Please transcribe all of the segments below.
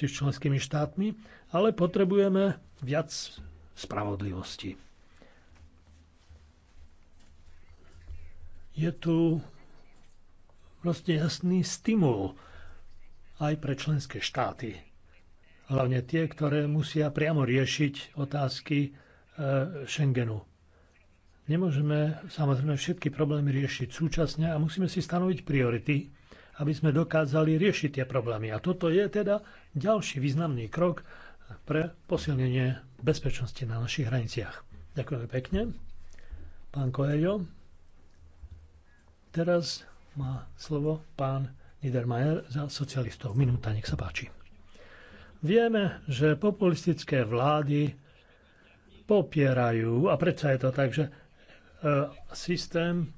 s členskými štátmi, ale potrebujeme viac spravodlivosti. Je tu proste jasný stimul aj pre členské štáty. Hlavne tie, ktoré musia priamo riešiť otázky e, Schengenu. Nemôžeme samozrejme všetky problémy riešiť súčasne a musíme si stanoviť priority aby sme dokázali riešiť tie problémy. A toto je teda ďalší významný krok pre posilnenie bezpečnosti na našich hraniciach. Ďakujem pekne. Pán Koelio. Teraz má slovo pán Niedermayer za socialistov. Minúta, nech sa páči. Vieme, že populistické vlády popierajú, a predsa je to tak, že e, systém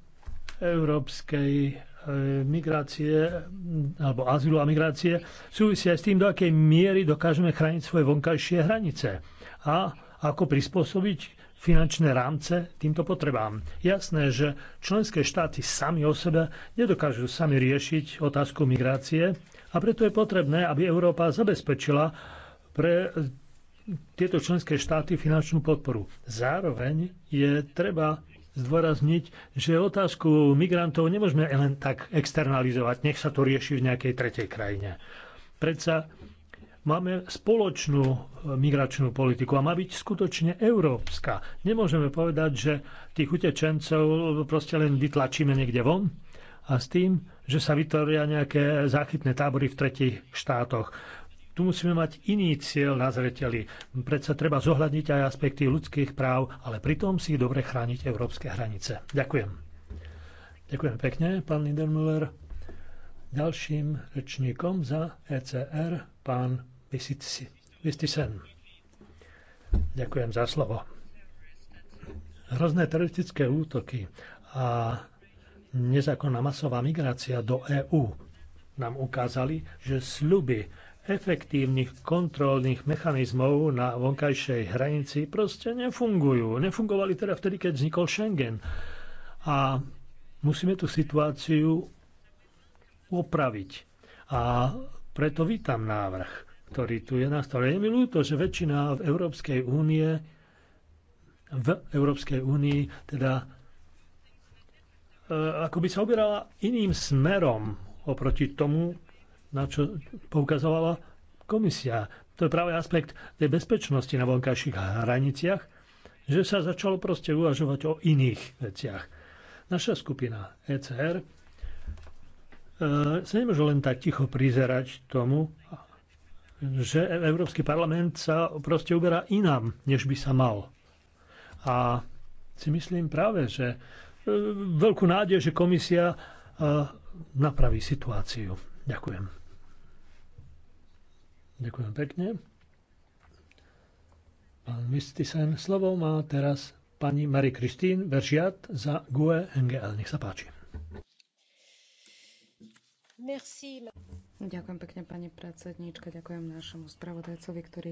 európskej E, migrácie alebo azylu a migrácie súvisia s tým, do akej miery dokážeme chrániť svoje vonkajšie hranice a ako prispôsobiť finančné rámce týmto potrebám. Jasné, že členské štáty sami o sebe nedokážu sami riešiť otázku migrácie a preto je potrebné, aby Európa zabezpečila pre tieto členské štáty finančnú podporu. Zároveň je treba zdôrazniť, že otázku migrantov nemôžeme len tak externalizovať, nech sa to rieši v nejakej tretej krajine. Predsa máme spoločnú e, migračnú politiku a má byť skutočne európska. Nemôžeme povedať, že tých utečencov proste len vytlačíme niekde von a s tým, že sa vytvoria nejaké záchytné tábory v tretich štátoch. Tu musíme mať iný cieľ na zreteli. Predsa treba zohľadniť aj aspekty ľudských práv, ale pritom si dobre chrániť európske hranice. Ďakujem. Ďakujem pekne, pán Lindermüller. Ďalším rečníkom za ECR, pán Vistisen. Ďakujem za slovo. Hrozné teroristické útoky a nezákonná masová migrácia do EÚ nám ukázali, že sľuby efektívnych kontrolných mechanizmov na vonkajšej hranici proste nefungujú. Nefungovali teda vtedy, keď vznikol Schengen. A musíme tú situáciu opraviť. A preto vítam návrh, ktorý tu je na stole. Je mi ľúto, že väčšina v Európskej únie v Európskej únii teda e, ako by sa obierala iným smerom oproti tomu, na čo poukazovala komisia. To je práve aspekt tej bezpečnosti na vonkajších hraniciach, že sa začalo proste uvažovať o iných veciach. Naša skupina ECR e, sa nemôže len tak ticho prizerať tomu, že Európsky parlament sa proste uberá inám, než by sa mal. A si myslím práve, že e, veľkú nádej, že komisia e, napraví situáciu. Ďakujem. Ďakujem pekne. Pán Mistisen, slovo má teraz pani Marie Kristín Veržiat za GUE NGL. Nech sa páči. Merci. Ďakujem pekne, pani predsedníčka. Ďakujem našemu spravodajcovi, ktorý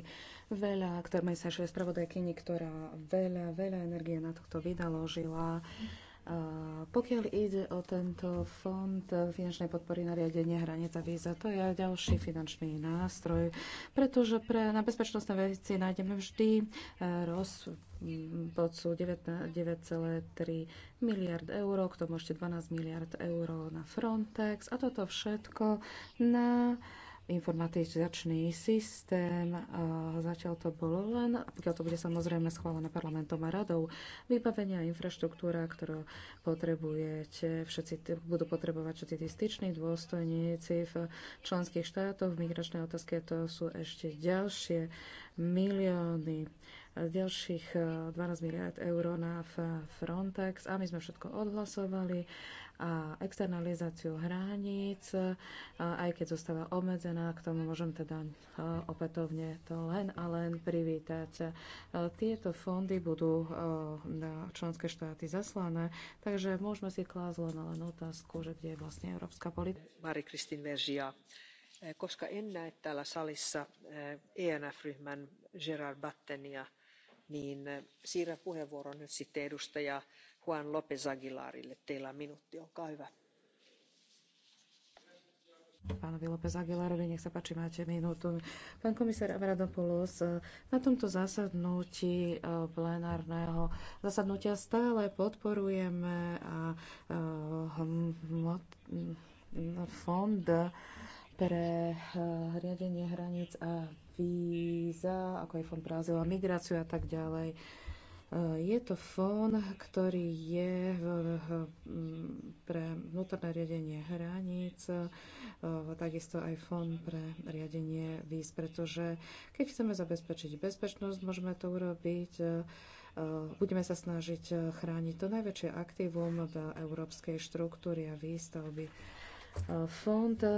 veľa, ktorý sa spravodajkyni, ktorá veľa, veľa energie na tohto vydaložila. žila pokiaľ ide o tento fond finančnej podpory na riadenie hranica víza, to je ďalší finančný nástroj, pretože pre, na bezpečnostné veci nájdeme vždy e, roz, bocu 9,3 miliard eur, k tomu ešte 12 miliard eur na Frontex a toto všetko na informatizačný systém. Zatiaľ to bolo len, pokiaľ to bude samozrejme schválené parlamentom a radou, vybavenia a infraštruktúra, ktorú potrebujete, všetci, budú potrebovať všetci tí styční dôstojníci v členských štátoch. V migračnej otázke to sú ešte ďalšie milióny ďalších 12 eh, miliard eur na Frontex a my sme všetko odhlasovali a externalizáciu hraníc, aj keď zostáva obmedzená, k tomu môžem teda opätovne to len a len privítať. Tieto fondy budú na členské štáty zaslané, takže môžeme si klásť len, len otázku, že kde je vlastne európska politika. Marie Kristin Veržia. E, koska en näe täällä salissa ENF-ryhmän e Gerard Battenia, niin e, siirrän puheenvuoron nyt sitten edustaja Pánovi López Aguilarovi, nech sa páči, máte minútu. Pán komisár Avradopoulos, na tomto zasadnutí e, plenárneho zasadnutia stále podporujeme a, a, e, hm, hm, fond pre e, riadenie hraníc a víza, ako je fond pre azyl a migráciu a tak ďalej. Eh, je to fón, ktorý je mm, pre vnútorné riadenie hraníc, eh, takisto aj fón pre riadenie víz, pretože keď chceme zabezpečiť bezpečnosť, môžeme to urobiť eh, budeme sa snažiť chrániť to najväčšie aktívum európskej štruktúry a výstavby Fond eh,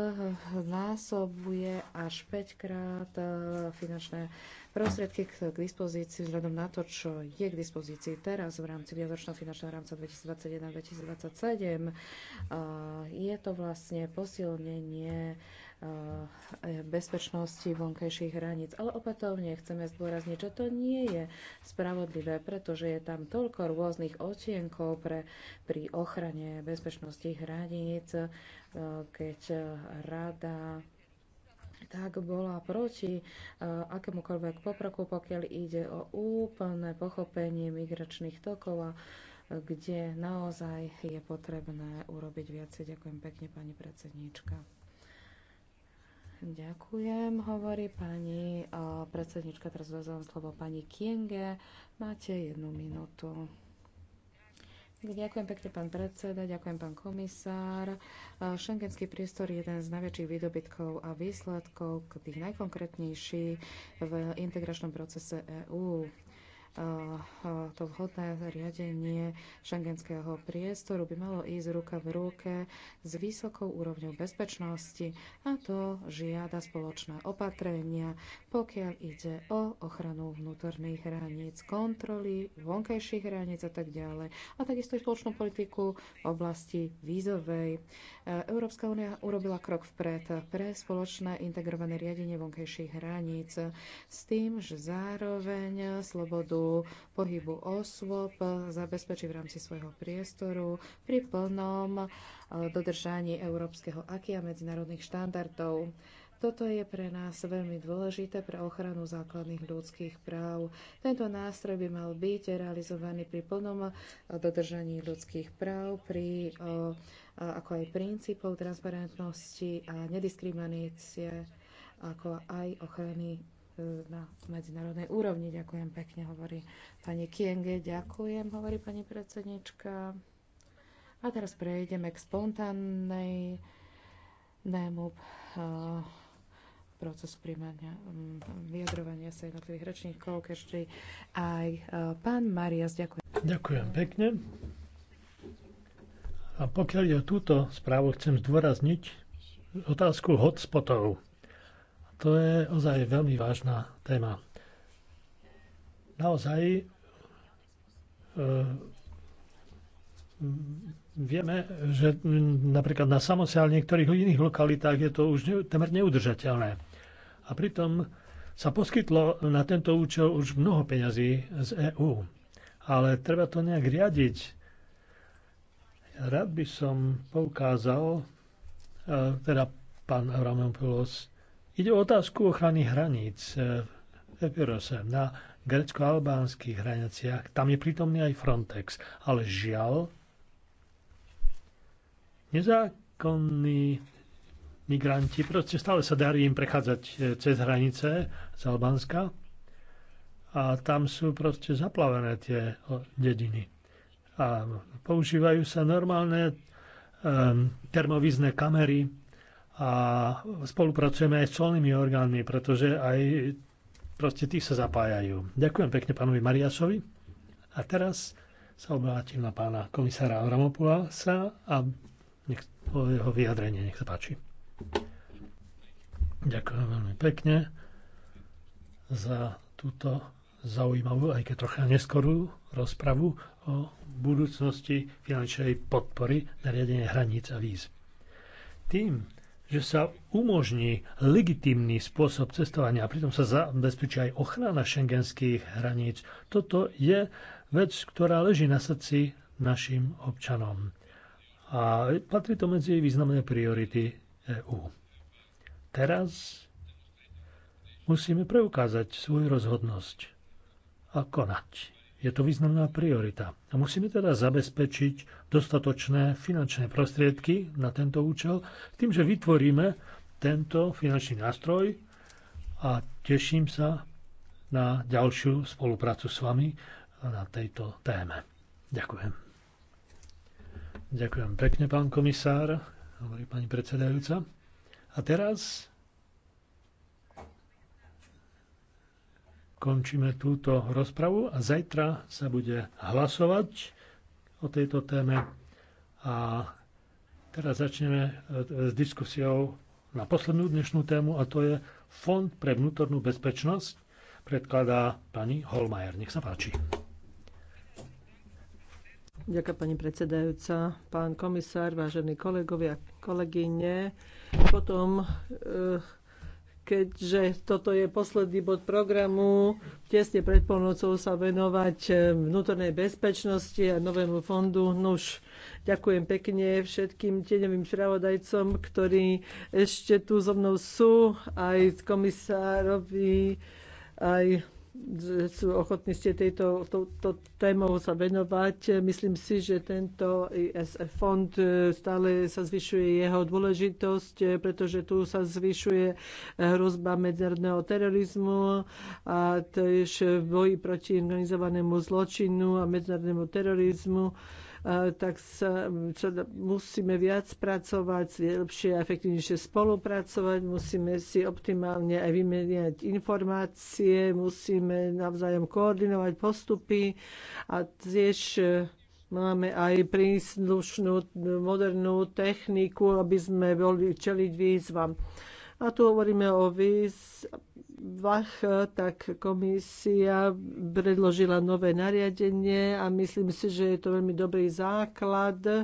násobuje až 5 krát eh, finančné prostriedky k dispozícii vzhľadom na to, čo je k dispozícii teraz v rámci viacročného finančného rámca 2021-2027. Eh, je to vlastne posilnenie Eh, bezpečnosti vonkajších hraníc. Ale opätovne chceme zdôrazniť, že to nie je spravodlivé, pretože je tam toľko rôznych odtienkov pre, pri ochrane bezpečnosti hraníc, eh, keď rada tak bola proti uh, akémukoľvek poproku, pokiaľ ide o úplné pochopenie migračných tokov a kde naozaj je potrebné urobiť viacej. Ďakujem pekne, pani predsedníčka. Ďakujem, hovorí pani predsednička, teraz vezmem slovo pani Kienge. Máte jednu minútu. Ďakujem pekne, pán predseda, ďakujem, pán komisár. Schengenský priestor je jeden z najväčších výdobytkov a výsledkov, tých najkonkrétnejších v integračnom procese EÚ to vhodné riadenie šengenského priestoru by malo ísť ruka v ruke s vysokou úrovňou bezpečnosti a to žiada spoločné opatrenia, pokiaľ ide o ochranu vnútorných hraníc, kontroly vonkajších hraníc a tak ďalej. A takisto aj spoločnú politiku v oblasti vízovej. Európska únia urobila krok vpred pre spoločné integrované riadenie vonkajších hraníc s tým, že zároveň slobodu pohybu osôb zabezpečí v rámci svojho priestoru pri plnom eh, dodržaní európskeho akia medzinárodných štandardov. Toto je pre nás veľmi dôležité pre ochranu základných ľudských práv. Tento nástroj by mal byť realizovaný pri plnom eh, dodržaní ľudských práv, pri, eh, ako aj princípov transparentnosti a nediskriminácie, ako aj ochrany E, na medzinárodnej úrovni. Ďakujem pekne, hovorí pani Kienge. Ďakujem, hovorí pani predsednička. A teraz prejdeme k spontánnej nému e, procesu príjmania vyjadrovania sa jednotlivých rečníkov. keďže aj e, pán Marias, ďakujem. Ďakujem pekne. A pokiaľ ide o túto správu, chcem zdôrazniť otázku hotspotov to je ozaj veľmi vážna téma. Naozaj e, vieme, že napríklad na samose, ale niektorých iných lokalitách je to už ne, temer neudržateľné. A pritom sa poskytlo na tento účel už mnoho peňazí z EÚ. Ale treba to nejak riadiť. Rád by som poukázal, e, teda pán Pulos, Ide o otázku ochrany hraníc v e, Epirose na grecko-albánskych hraniciach. Tam je prítomný aj Frontex, ale žiaľ nezákonní migranti, proste stále sa darí im prechádzať e, cez hranice z Albánska a tam sú proste zaplavené tie dediny. A používajú sa normálne um, e, termovizné kamery, a spolupracujeme aj s colnými orgánmi, pretože aj proste tí sa zapájajú. Ďakujem pekne pánovi Mariasovi. A teraz sa obrátim na pána komisára Avramopula sa a nech, po jeho vyjadrenie, nech sa páči. Ďakujem veľmi pekne za túto zaujímavú, aj keď trocha neskorú rozpravu o budúcnosti finančnej podpory na riadenie hraníc a víz. Tým, že sa umožní legitímny spôsob cestovania a pritom sa zabezpečí aj ochrana šengenských hraníc. Toto je vec, ktorá leží na srdci našim občanom. A patrí to medzi významné priority EÚ. Teraz musíme preukázať svoju rozhodnosť a konať. Je to významná priorita. A musíme teda zabezpečiť dostatočné finančné prostriedky na tento účel tým, že vytvoríme tento finančný nástroj a teším sa na ďalšiu spoluprácu s vami na tejto téme. Ďakujem. Ďakujem pekne, pán komisár, hovorí pani predsedajúca. A teraz končíme túto rozpravu a zajtra sa bude hlasovať o tejto téme a teraz začneme e, s diskusiou na poslednú dnešnú tému a to je Fond pre vnútornú bezpečnosť predkladá pani Holmajer. Nech sa páči. Ďakujem pani predsedajúca, pán komisár, vážení kolegovia, kolegyne. Potom e, keďže toto je posledný bod programu, tesne pred polnocou sa venovať eh, vnútornej bezpečnosti a novému fondu. Nuž, ďakujem pekne všetkým tieňovým spravodajcom, ktorí ešte tu so mnou sú, aj komisárovi, aj sú ochotní ste tejto to, to témou sa venovať. Myslím si, že tento ISF fond e, stále sa zvyšuje jeho dôležitosť, e, pretože tu sa zvyšuje e, hrozba medzerného terorizmu a tiež v boji proti organizovanému zločinu a medzernému terorizmu tak sa, čo, musíme viac pracovať, lepšie a efektívnejšie spolupracovať, musíme si optimálne aj vymeniať informácie, musíme navzájom koordinovať postupy a tiež e, Máme aj príslušnú modernú techniku, aby sme boli čeliť výzvam. A tu hovoríme o výz, Vach, e, tak komisia predložila nové nariadenie a myslím si, že je to veľmi dobrý základ e,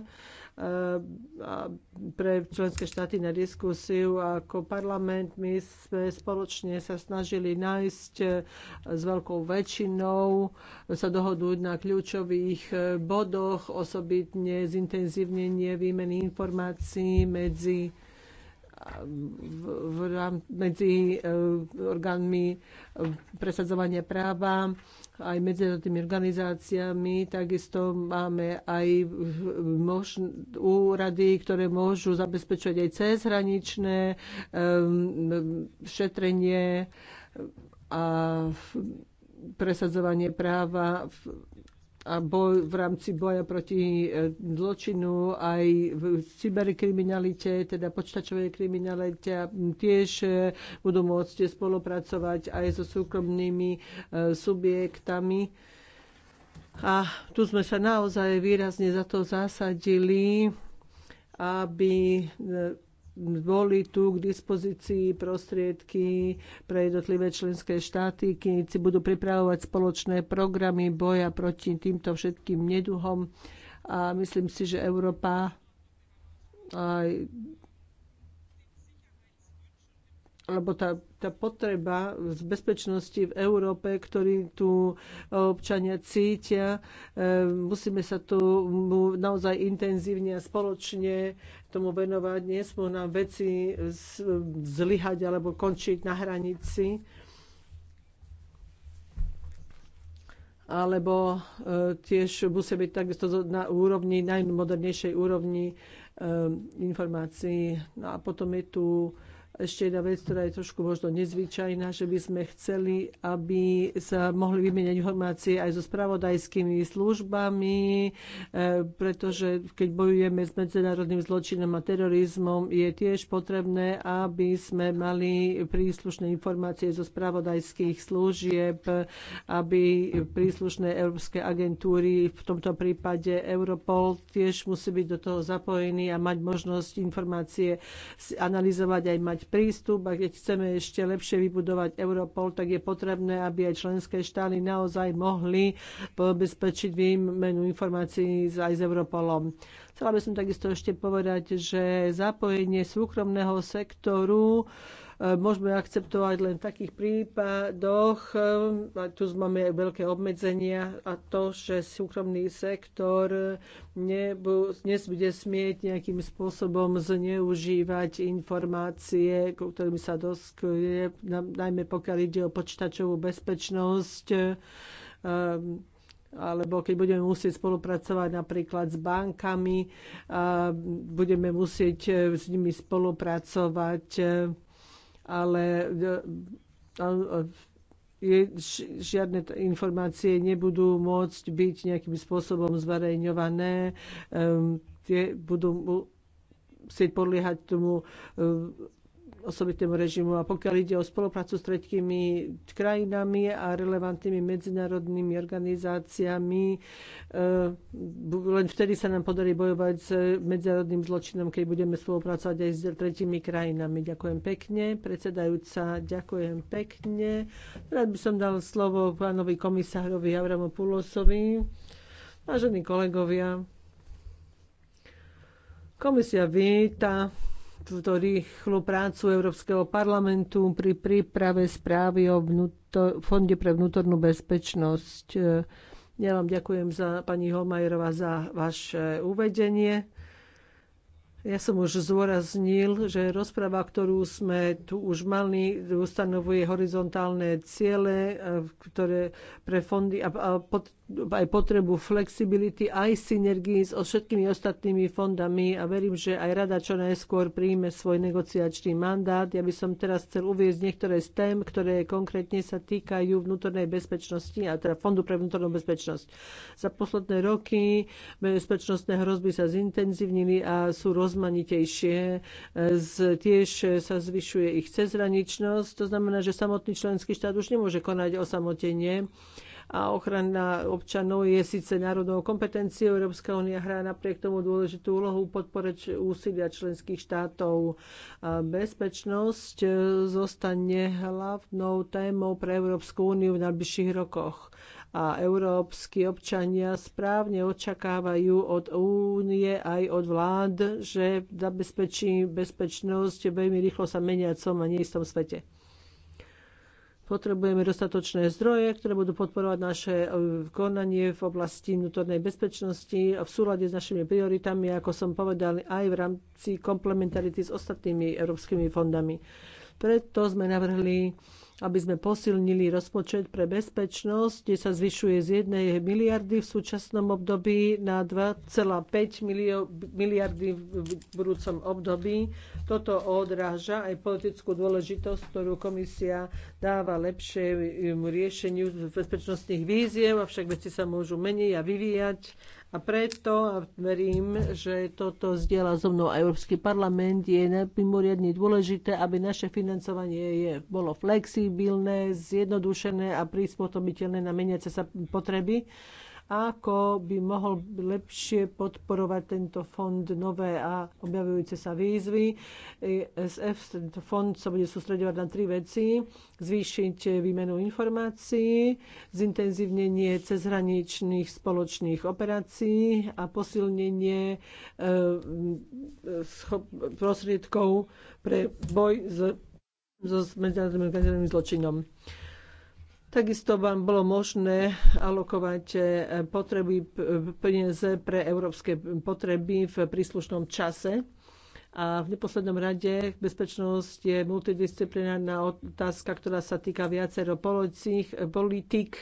pre členské štáty na diskusiu. Ako parlament my sme spoločne sa snažili nájsť e, s veľkou väčšinou, sa dohodnúť na kľúčových bodoch, osobitne zintenzívnenie výmeny informácií medzi v, v, medzi e, orgánmi e, presadzovania práva, aj tými organizáciami. Takisto máme aj možn- úrady, ktoré môžu zabezpečovať aj cezhraničné um, šetrenie a presadzovanie práva v, a boj v rámci boja proti e, zločinu aj v cyberkriminalite, teda počtačovej kriminalite tiež e, budú môcť spolupracovať aj so súkromnými e, subjektami. A tu sme sa naozaj výrazne za to zasadili, aby boli tu k dispozícii prostriedky pre jednotlivé členské štáty, keď si budú pripravovať spoločné programy boja proti týmto všetkým neduhom. A myslím si, že Európa aj, alebo tá tá potreba z bezpečnosti v Európe, ktorý tu občania cítia. E, musíme sa tu naozaj intenzívne a spoločne tomu venovať. Nesmú nám veci zlyhať alebo končiť na hranici. alebo e, tiež musia byť takisto na úrovni, najmodernejšej úrovni e, informácií. No a potom je tu ešte jedna vec, ktorá je trošku možno nezvyčajná, že by sme chceli, aby sa mohli vymeniať informácie aj so spravodajskými službami, e, pretože keď bojujeme s medzinárodným zločinom a terorizmom, je tiež potrebné, aby sme mali príslušné informácie zo spravodajských služieb, aby príslušné európske agentúry, v tomto prípade Europol, tiež musí byť do toho zapojený a mať možnosť informácie analyzovať aj mať prístup a keď chceme ešte lepšie vybudovať Europol, tak je potrebné, aby aj členské štáty naozaj mohli zabezpečiť výmenu informácií aj s Europolom. Chcela by som takisto ešte povedať, že zapojenie súkromného sektoru e, môžeme akceptovať len v takých prípadoch, e, a tu máme aj veľké obmedzenia, a to, že súkromný sektor bude smieť nejakým spôsobom zneužívať informácie, ktorými sa doskuje, najmä pokiaľ ide o počítačovú bezpečnosť, ehm, alebo keď budeme musieť spolupracovať napríklad s bankami, budeme musieť e, s nimi spolupracovať, e, ale e, žiadne informácie nebudú môcť byť nejakým spôsobom zverejňované. Tie budú musieť podliehať tomu osobitnému režimu. A pokiaľ ide o spoluprácu s tretkými krajinami a relevantnými medzinárodnými organizáciami, eh, len vtedy sa nám podarí bojovať s medzinárodným zločinom, keď budeme spolupracovať aj s tretími krajinami. Ďakujem pekne. Predsedajúca, ďakujem pekne. Rád by som dal slovo pánovi komisárovi Pulosovi, Vážení kolegovia, komisia víta túto rýchlu prácu Európskeho parlamentu pri príprave správy o vnútor, Fonde pre vnútornú bezpečnosť. Ja vám ďakujem za pani Holmajerová za vaše uvedenie. Ja som už zdôraznil, že rozprava, ktorú sme tu už mali, ustanovuje horizontálne ciele e, ktoré pre fondy a, pod, aj potrebu flexibility, aj synergii so všetkými ostatnými fondami a verím, že aj rada čo najskôr príjme svoj negociačný mandát. Ja by som teraz chcel uvieť niektoré z tém, ktoré konkrétne sa týkajú vnútornej bezpečnosti, a teda Fondu pre vnútornú bezpečnosť. Za posledné roky bezpečnostné hrozby sa zintenzívnili a sú roz rozmanitejšie. E, tiež sa zvyšuje ich cezhraničnosť, to znamená, že samotný členský štát už nemôže konať osamotenie a ochrana občanov je síce národnou kompetenciou. Európska únia hrá napriek tomu dôležitú úlohu podporeť úsilia členských štátov. E, bezpečnosť e, zostane hlavnou témou pre Európsku úniu v najbližších rokoch a európsky občania správne očakávajú od únie aj od vlád, že zabezpečí bezpečnosť veľmi rýchlo sa meniacom a neistom svete. Potrebujeme dostatočné zdroje, ktoré budú podporovať naše e, konanie v oblasti vnútornej bezpečnosti a v súlade s našimi prioritami, ako som povedal, aj v rámci komplementarity s ostatnými európskymi fondami. Preto sme navrhli aby sme posilnili rozpočet pre bezpečnosť, kde sa zvyšuje z 1 miliardy v súčasnom období na 2,5 miliardy v budúcom období. Toto odráža aj politickú dôležitosť, ktorú komisia dáva lepšie riešeniu bezpečnostných víziev, avšak veci sa môžu meniť a vyvíjať a preto verím, že toto zdieľa so mnou Európsky parlament, je mimoriadne dôležité, aby naše financovanie je, bolo flexibilné, zjednodušené a prispôsobiteľné na meniace sa potreby ako by mohol lepšie podporovať tento fond nové a objavujúce sa výzvy. E SF, tento fond sa bude sústredovať na tri veci. Zvýšiť výmenu informácií, zintenzívnenie cezhraničných spoločných operácií a posilnenie e, prostriedkov pre boj s so medzinárodným organizovaným zločinom. Takisto vám bolo možné alokovať e, potreby e, peniaze pre európske potreby v príslušnom čase. A v neposlednom rade bezpečnosť je multidisciplinárna otázka, ktorá sa týka viacero politík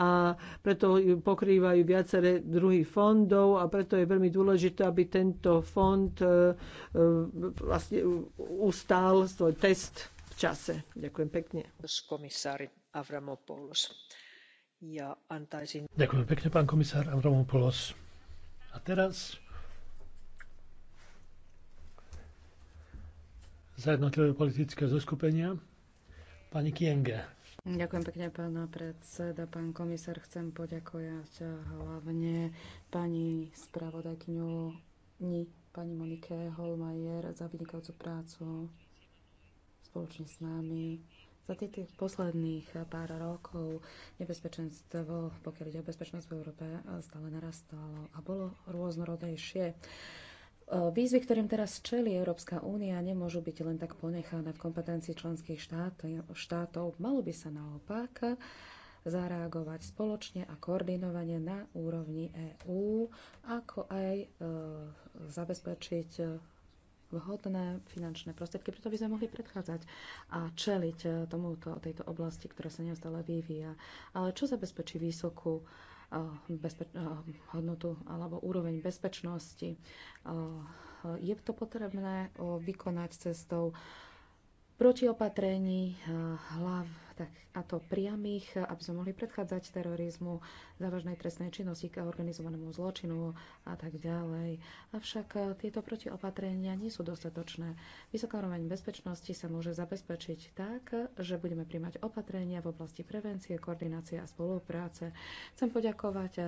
a preto pokrývajú viaceré druhy fondov a preto je veľmi dôležité, aby tento fond e, vlastne ustál svoj test v čase. Ďakujem pekne. Komisári. Avramopoulos. Ja antaisin... Ďakujem pekne, pán komisár Avramopoulos. A teraz za jednotlivé politické zoskupenia pani Kienge. Ďakujem pekne, pán predseda, pán komisár. Chcem poďakovať hlavne pani spravodajkyňu pani Monike Holmajer za vynikajúcu prácu spoločne s nami za tých posledných pár rokov nebezpečenstvo, pokiaľ ide o bezpečnosť v Európe, stále narastalo a bolo rôznorodejšie. Výzvy, ktorým teraz čeli Európska únia, nemôžu byť len tak ponechané v kompetencii členských štátov. štátov. Malo by sa naopak zareagovať spoločne a koordinovane na úrovni EÚ, ako aj e, zabezpečiť vhodné finančné prostriedky, preto by sme mohli predchádzať a čeliť eh, tomuto, tejto oblasti, ktorá sa neustále vyvíja. Ale čo zabezpečí vysokú eh, bezpeč- eh, hodnotu alebo úroveň bezpečnosti? Je to potrebné vykonať cestou protiopatrení, hlav tak, a to priamých, aby sme mohli predchádzať terorizmu, závažnej trestnej činnosti k organizovanému zločinu a tak ďalej. Avšak eh, tieto protiopatrenia nie sú dostatočné. Vysoká úroveň bezpečnosti sa môže zabezpečiť tak, že budeme príjmať opatrenia v oblasti prevencie, koordinácie a spolupráce. Chcem poďakovať eh,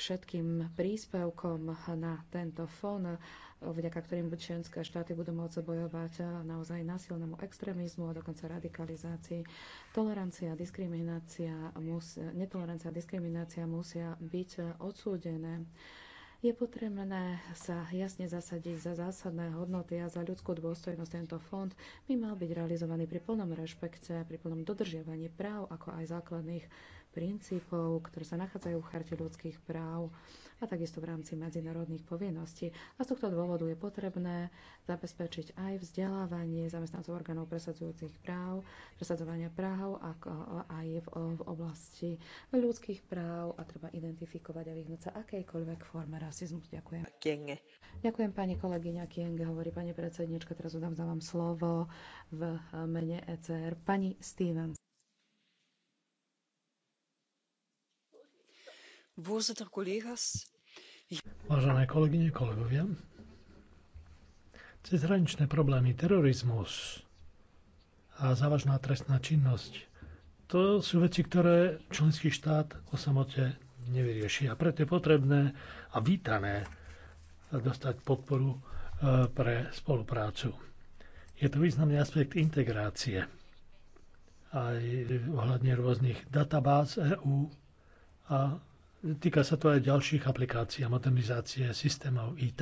všetkým príspevkom na tento fón vďaka ktorým členské štáty budú môcť bojovať naozaj násilnému extrémizmu a dokonca radikalizácii. Tolerancia, diskriminácia, mus, netolerancia a diskriminácia musia byť odsúdené je potrebné sa jasne zasadiť za zásadné hodnoty a za ľudskú dôstojnosť. Tento fond by mal byť realizovaný pri plnom rešpekte, pri plnom dodržiavaní práv, ako aj základných princípov, ktoré sa nachádzajú v charte ľudských práv a takisto v rámci medzinárodných povinností. A z tohto dôvodu je potrebné zabezpečiť aj vzdelávanie zamestnancov orgánov presadzujúcich práv, presadzovania práv a aj v, v oblasti ľudských práv a treba identifikovať a vyhnúť sa akejkoľvek forme rasizmu. Ďakujem. Kienge. Ďakujem pani kolegyňa Kienge, hovorí pani predsednička, teraz vám slovo v mene ECR. Pani Stevens. voorzitter collega's Vážené kolegyne, kolegovia, cezhraničné problémy, terorizmus a závažná trestná činnosť, to sú veci, ktoré členský štát o samote nevyrieši. A preto je potrebné a vítané dostať podporu e, pre spoluprácu. Je to významný aspekt integrácie aj ohľadne rôznych databáz EÚ a týka sa to aj ďalších aplikácií a modernizácie systémov IT.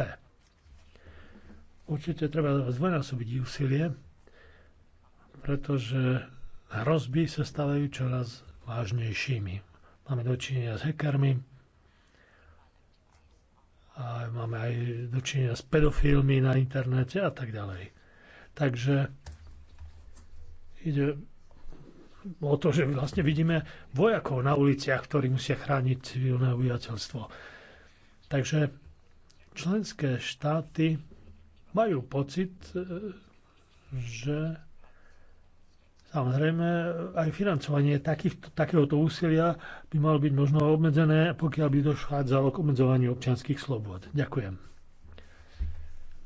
Určite treba zdvojnásobiť úsilie, pretože hrozby sa stávajú čoraz vážnejšími. Máme dočinenia s hackermi, a máme aj dočinenia s pedofilmi na internete a tak ďalej. Takže ide o to, že vlastne vidíme vojakov na uliciach, ktorí musia chrániť civilné obyvateľstvo. Takže členské štáty majú pocit, e, že samozrejme aj financovanie takých, takéhoto úsilia by malo byť možno obmedzené, pokiaľ by dochádzalo k obmedzovaniu občianských slobod. Ďakujem.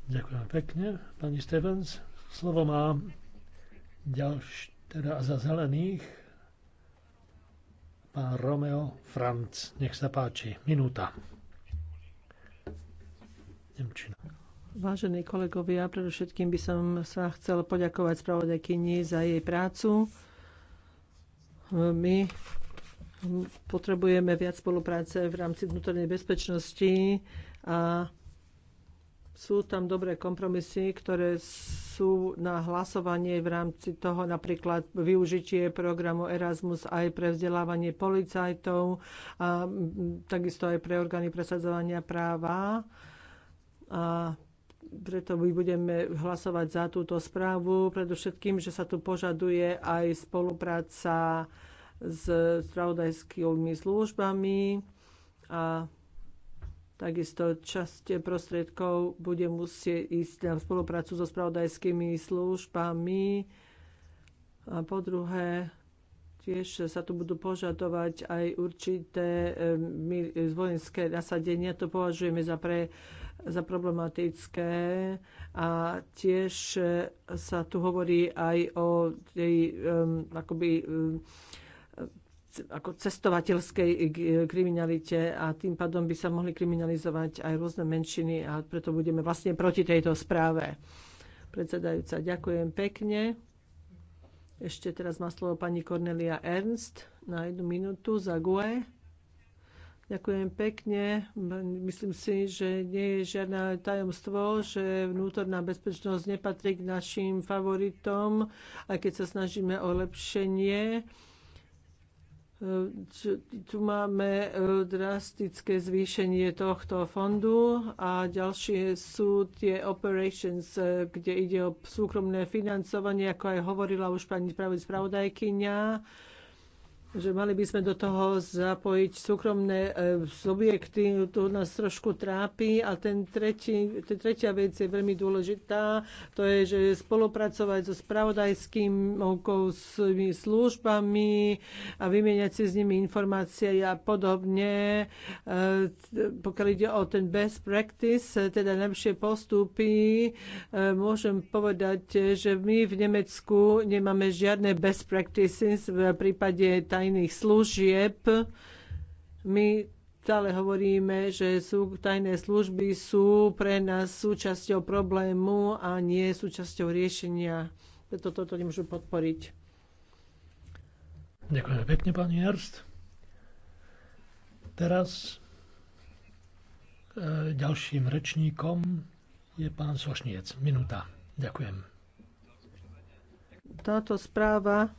Ďakujem pekne, pani Stevens. Slovo má ďalší teda za zelených pán Romeo Franc. Nech sa páči. Minúta. Nemčina. Vážení kolegovia, predovšetkým by som sa chcel poďakovať spravodajkyni za jej prácu. My potrebujeme viac spolupráce v rámci vnútornej bezpečnosti a sú tam dobré kompromisy, ktoré sú na hlasovanie v rámci toho napríklad využitie programu Erasmus aj pre vzdelávanie policajtov a takisto aj pre orgány presadzovania práva. A preto my budeme hlasovať za túto správu. Predovšetkým, že sa tu požaduje aj spolupráca s spravodajskými službami a Takisto časť prostriedkov bude musieť ísť na spoluprácu so spravodajskými službami. A po druhé, tiež sa tu budú požadovať aj určité vojenské nasadenia. To považujeme za, pre, za problematické. A tiež e, sa tu hovorí aj o tej um, akoby um, ako cestovateľskej kriminalite a tým pádom by sa mohli kriminalizovať aj rôzne menšiny a preto budeme vlastne proti tejto správe. Predsedajúca, ďakujem pekne. Ešte teraz má slovo pani Cornelia Ernst na jednu minútu za GUE. Ďakujem pekne. Myslím si, že nie je žiadne tajomstvo, že vnútorná bezpečnosť nepatrí k našim favoritom, aj keď sa snažíme o lepšenie tu máme e, drastické zvýšenie tohto fondu a ďalšie sú tie operations, e, kde ide o súkromné financovanie, ako aj hovorila už pani spravodajkyňa že mali by sme do toho zapojiť súkromné e, subjekty, to nás trošku trápi. A ten tretí, ten tretia vec je veľmi dôležitá, to je, že spolupracovať so spravodajskými službami a vymieňať si s nimi informácie a podobne. E, pokiaľ ide o ten best practice, e, teda najlepšie postupy, môžem povedať, že my v Nemecku nemáme žiadne best practices v prípade tá tajných služieb. My stále hovoríme, že sú, tajné služby sú pre nás súčasťou problému a nie súčasťou riešenia. Preto toto nemôžu podporiť. Ďakujem pekne, pani Jarst. Teraz e, ďalším rečníkom je pán Sošniec. Minúta. Ďakujem. Táto správa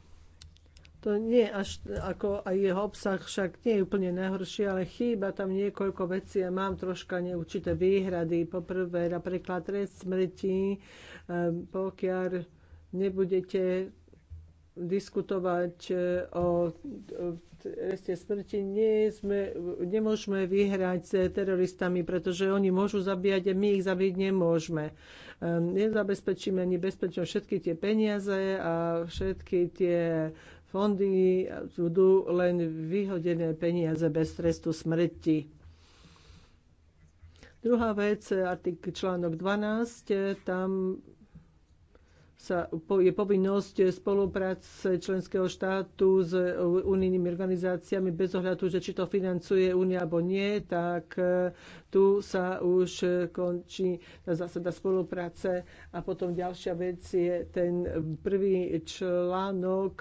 to nie až ako aj jeho obsah však nie je úplne najhorší, ale chýba tam niekoľko vecí a mám troška neurčité výhrady. Poprvé napríklad trest smrti, ehm, pokiaľ nebudete diskutovať e, o treste smrti, nie sme, nemôžeme vyhrať s teroristami, pretože oni môžu zabíjať a my ich zabiť nemôžeme. Ehm, nezabezpečíme ani bezpečnosť všetky tie peniaze a všetky tie fondy budú len vyhodené peniaze bez trestu smrti. Druhá vec, artik, článok 12, tam sa, je povinnosť spolupráce členského štátu s unijnými organizáciami bez ohľadu, že či to financuje Únia alebo nie, tak e, tu sa už končí tá zásada spolupráce. A potom ďalšia vec je ten prvý článok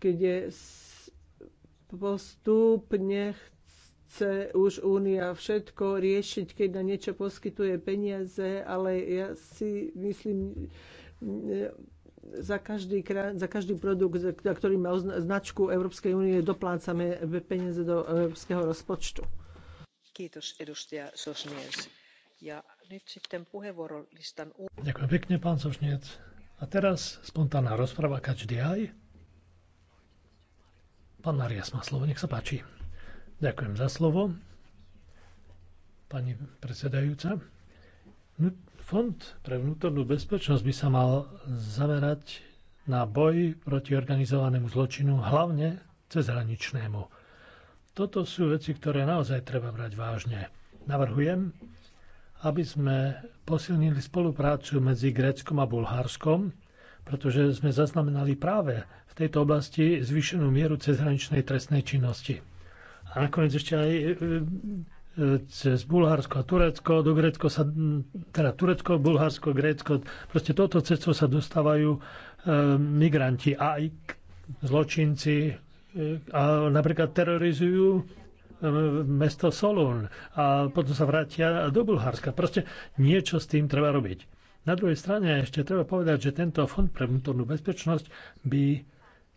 kde postupne chce už Únia všetko riešiť, keď na niečo poskytuje peniaze, ale ja si myslím, e, za každý, krát, za každý produkt, za ktorý má značku Európskej únie, doplácame peniaze do európskeho rozpočtu. Kýtos, edustia Ja nyt sitten puheenvuorolistan... Ďakujem pekne, pán Sošniec. A teraz spontánna rozprava každý aj. Pán Marias má slovo, nech sa páči. Ďakujem za slovo, pani predsedajúca. Fond pre vnútornú bezpečnosť by sa mal zamerať na boj proti organizovanému zločinu, hlavne cezhraničnému. Toto sú veci, ktoré naozaj treba brať vážne. Navrhujem, aby sme posilnili spoluprácu medzi Gréckom a Bulhárskom pretože sme zaznamenali práve v tejto oblasti zvýšenú mieru cezhraničnej trestnej činnosti. A nakoniec ešte aj e, cez Bulharsko a Turecko, do Grécko sa, teda Turecko, Bulharsko, Grécko, proste toto cestou sa dostávajú e, migranti a aj zločinci e, a napríklad terorizujú e, mesto Solún a potom sa vrátia do Bulharska. Proste niečo s tým treba robiť. Na druhej strane ešte treba povedať, že tento fond pre vnútornú bezpečnosť by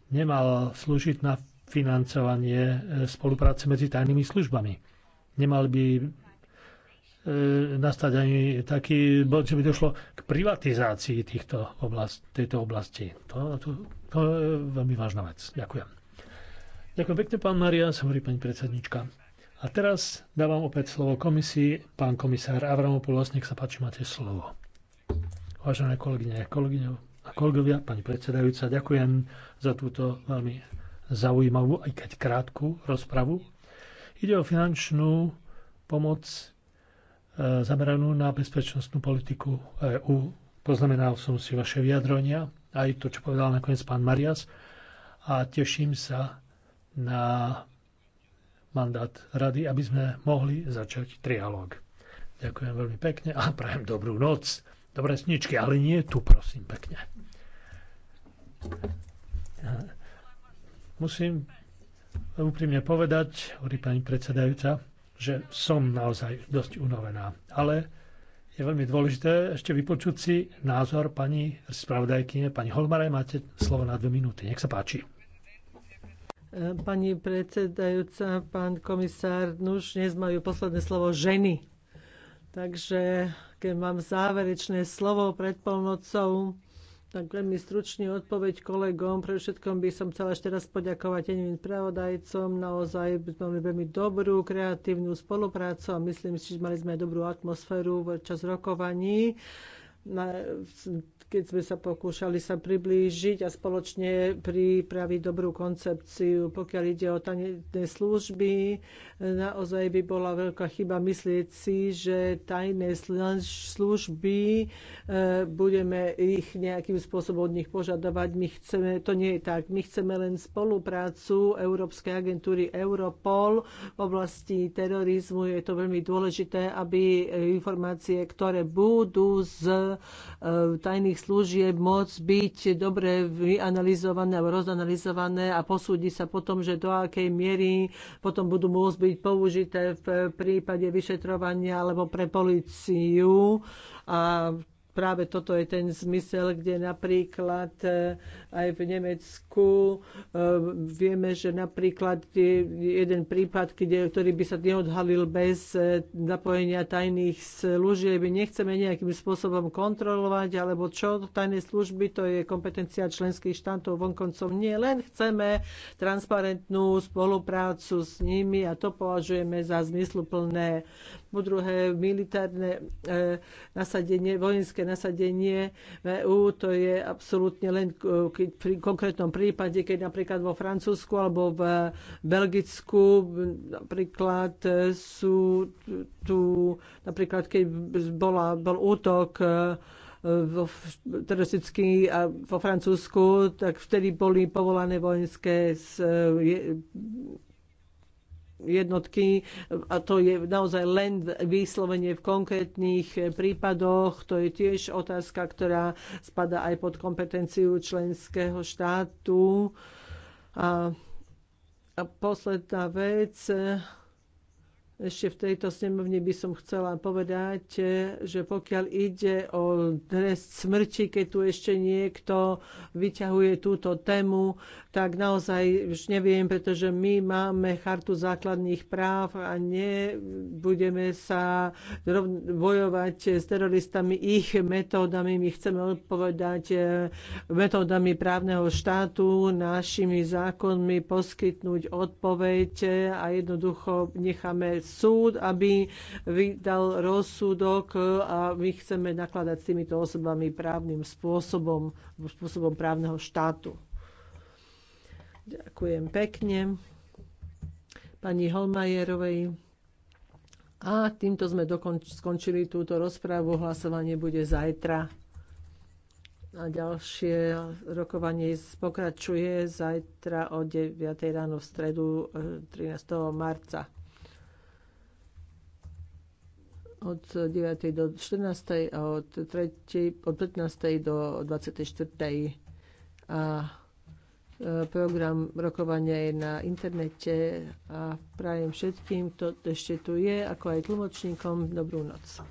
nemal slúžiť na financovanie e, spolupráce medzi tajnými službami. Nemal by e, nastať ani taký bod, že by došlo k privatizácii týchto oblast, tejto oblasti. To, to, to je veľmi vážna vec. Ďakujem. Ďakujem pekne, pán Marias, hovorí pani predsednička. A teraz dávam opäť slovo komisii. Pán komisár Avramopoulos, nech sa páči, máte slovo. Vážené kolegyne, kolegyňo a kolegovia, pani predsedajúca, ďakujem za túto veľmi zaujímavú, aj keď krátku, rozpravu. Ide o finančnú pomoc e, zameranú na bezpečnostnú politiku EÚ. Poznamenal som si vaše vyjadrenia, aj to, čo povedal nakoniec pán Marias. A teším sa na mandát rady, aby sme mohli začať trialóg. Ďakujem veľmi pekne a prajem dobrú noc do resničky, ale nie tu, prosím, pekne. Musím úprimne povedať, hovorí pani predsedajúca, že som naozaj dosť unovená. Ale je veľmi dôležité ešte vypočuť si názor pani spravodajkyne, pani Holmare, máte slovo na dve minúty. Nech sa páči. Pani predsedajúca, pán komisár, nuž no dnes majú posledné slovo ženy. Takže keď mám záverečné slovo pred polnocou, tak veľmi stručne odpoveď kolegom. Pre všetkom by som chcela ešte raz poďakovať jedným pravodajcom. Naozaj mali veľmi dobrú, kreatívnu spoluprácu a myslím si, že mali sme aj dobrú atmosféru počas rokovaní keď sme sa pokúšali sa priblížiť a spoločne pripraviť dobrú koncepciu. Pokiaľ ide o tajné služby, naozaj by bola veľká chyba myslieť si, že tajné služby e, budeme ich nejakým spôsobom od nich požadovať. My chceme, to nie je tak, my chceme len spoluprácu Európskej agentúry Europol v oblasti terorizmu. Je to veľmi dôležité, aby informácie, ktoré budú z Eh, tajných služieb môcť byť dobre vyanalizované alebo rozanalizované a posúdi sa potom, že do akej miery potom budú môcť byť použité v prípade vyšetrovania alebo pre policiu. A práve toto je ten zmysel, kde napríklad e, aj v Nemecku e, vieme, že napríklad je jeden prípad, kde, ktorý by sa neodhalil bez e, zapojenia tajných služieb. Nechceme nejakým spôsobom kontrolovať, alebo čo tajné služby, to je kompetencia členských štátov vonkoncov. Nie, len chceme transparentnú spoluprácu s nimi a to považujeme za zmysluplné po druhé militárne e, nasadenie, vojenské nasadenie v EU, to je absolútne len pri konkrétnom prípade, keď napríklad vo Francúzsku alebo v Belgicku napríklad e, sú tu, napríklad keď bola, bol útok e, vo, teroristický a vo Francúzsku, tak vtedy boli povolané vojenské z, je, jednotky a to je naozaj len výslovenie v konkrétnych prípadoch. To je tiež otázka, ktorá spada aj pod kompetenciu členského štátu. A, a posledná vec, ešte v tejto snemovni by som chcela povedať, e, že pokiaľ ide o trest smrti, keď tu ešte niekto vyťahuje túto tému, tak naozaj už neviem, pretože my máme chartu základných práv a nebudeme sa bojovať s teroristami ich metódami. My chceme odpovedať e, metódami právneho štátu, našimi zákonmi poskytnúť odpoveď a jednoducho necháme súd, aby vydal rozsudok a my chceme nakladať s týmito osobami právnym spôsobom, spôsobom právneho štátu. Ďakujem pekne pani Holmajerovej. A týmto sme dokonč- skončili túto rozprávu. Hlasovanie bude zajtra. A ďalšie rokovanie pokračuje zajtra o 9. ráno v stredu 13. Eh, marca od 9. do 14. a od, 3, od 15. do 24. A e, program rokovania je na internete a prajem všetkým, kto ešte tu je, ako aj tlmočníkom, dobrú noc.